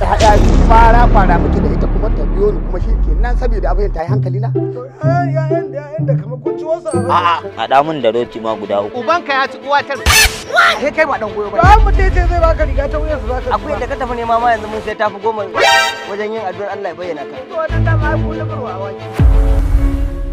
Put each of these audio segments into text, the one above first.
ya'ya fara fara muke da ita kuma ta biyo ni kuma shi ke nan saboda abin ta yi hankali na. Eh, ya'yan da ya'yan da kamar kun ci wasu a A'a haɗa min da roti ma guda uku. Ubanka ya ci uwa ta. Ke kai ba ɗan goyo ba. Ba mu ce zai baka riga ta su za ka. Akwai da ka tafi ne ma yanzu mun sai tafi goma wajen yin addu'ar Allah ya bayyana ka. To wannan dama ai kullum wa wani.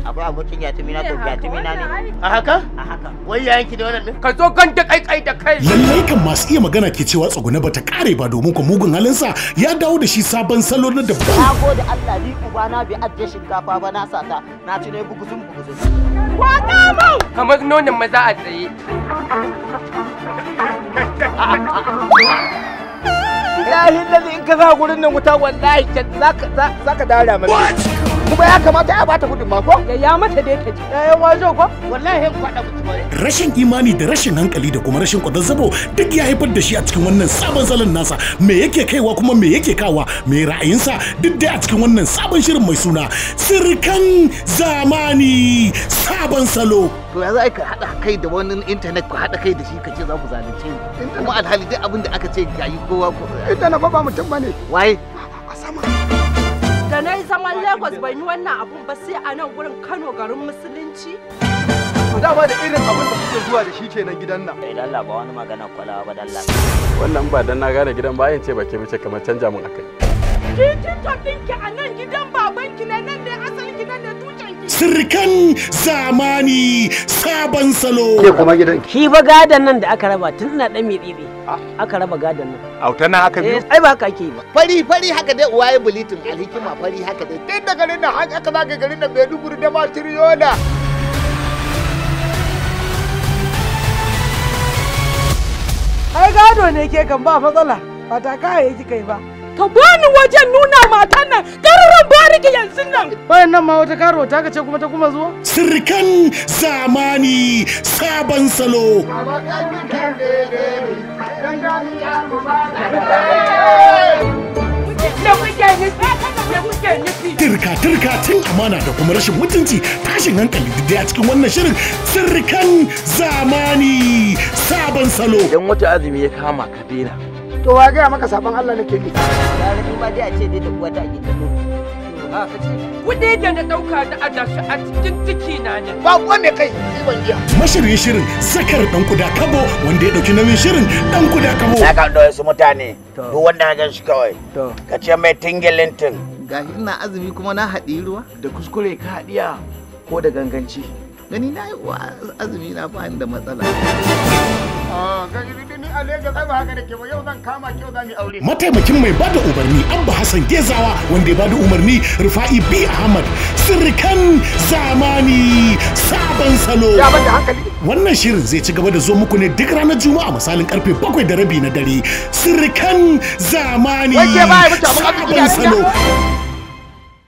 abu abu ya yatumi na to yatumi na ne a haka a haka wai yayin ki da wannan din ka zo kan da kai kai da kai lallai kan masu iya magana ke cewa tsuguna bata kare ba domin ko mugun halinsa ya dawo da shi sabon salo na dabba na gode Allah ni na bi adda shinkafa ba na sata na ci ne buguzun buguzun ta mau kamar nonon maza a tsaye ilahi lalle in ka sa gurin nan wuta wallahi za ka dara mana kuma ya kamata ya bata gudunma ko ya mata da yake ji ya wajo ko wallahi kwada mutum rashin imani da rashin hankali da kuma rashin zabo duk ya haifar da shi a cikin wannan sabon salon nasa me yake kaiwa kuma me yake kawa me ra'ayinsa duk dai a cikin wannan sabon shirin mai suna sirkan zamani sabon salo to ya za ka haɗa kai da wani intanet ku haɗa kai da shi ka ce za ku zalunce ni kuma alhali duk abin da aka ce ga yi kowa ko intanet ba mutum bane waye a sama da na yi zaman lagos bai yi wannan abun ba sai a nan gurin kano garin musulunci dama da irin abin da kuke zuwa da shi kenan gidan nan eh dalla ba wani magana kwalawa ba dalla wannan ba dan na gane gidan ba yin ce ba ke mace kamar canja mun akai kin kin to dinki a nan gidan ba sirkan zamani sabon salo. Ke kuma gidan. Shi ba gadan nan da aka raba tun ina dan miɗiɗi Aka raba gadan nan. Auta na aka biyo. Eh, ai ba haka ake yi ba. Fari fari haka dai uwaye bulitin alhikima fari haka dai. Tun da garin nan har aka zaga garin nan Maiduguri da ma Tiriyona. Ai gado ne ke kan ba matsala. Ba ta kayayyaki kai ba. ka bani wajen nuna matan nan garurin bariki yanzu nan bayan nan ma wata karo ta kace kuma ta kuma zuwa sirkan zamani sabon salo tirka tirka tun amana da kuma rashin mutunci tashin hankali duk a cikin wannan shirin sirrikan zamani sabon salo. Idan wata azumi ya kama ka to wa gaya maka sabon Allah nake bi ya ni ma dai a ce dai da uwa ta gida Kudi da na dauka da adashi a cikin ciki na ne. Ba kuwa mai kai ban iya. Mashirin shirin sakar dan kuda kabo wanda ya dauki nauyin shirin dan kuda kabo. Na kan su mutane duk wanda ya gan shi kawai. Ka ce mai tingilintin. Gashi ina azumi kuma na haɗi ruwa. Da kuskure ka haɗiya ko da ganganci. Gani na yi wa azumi na ba da matsala. Ah, a mai ai ba haka da ba yau zan kama kyau za mu aure. Mataimakin mai bada umarni Abba Hassan Gezawa wanda ya bada umarni Rufa'i B Ahmad sirrikan zamani sabon salo. Wannan shirin zai ci gaba da zo muku ne duk ranar Juma'a misalin karfe bakwai da rabi na dare. Sirrikan zamani sabon salo.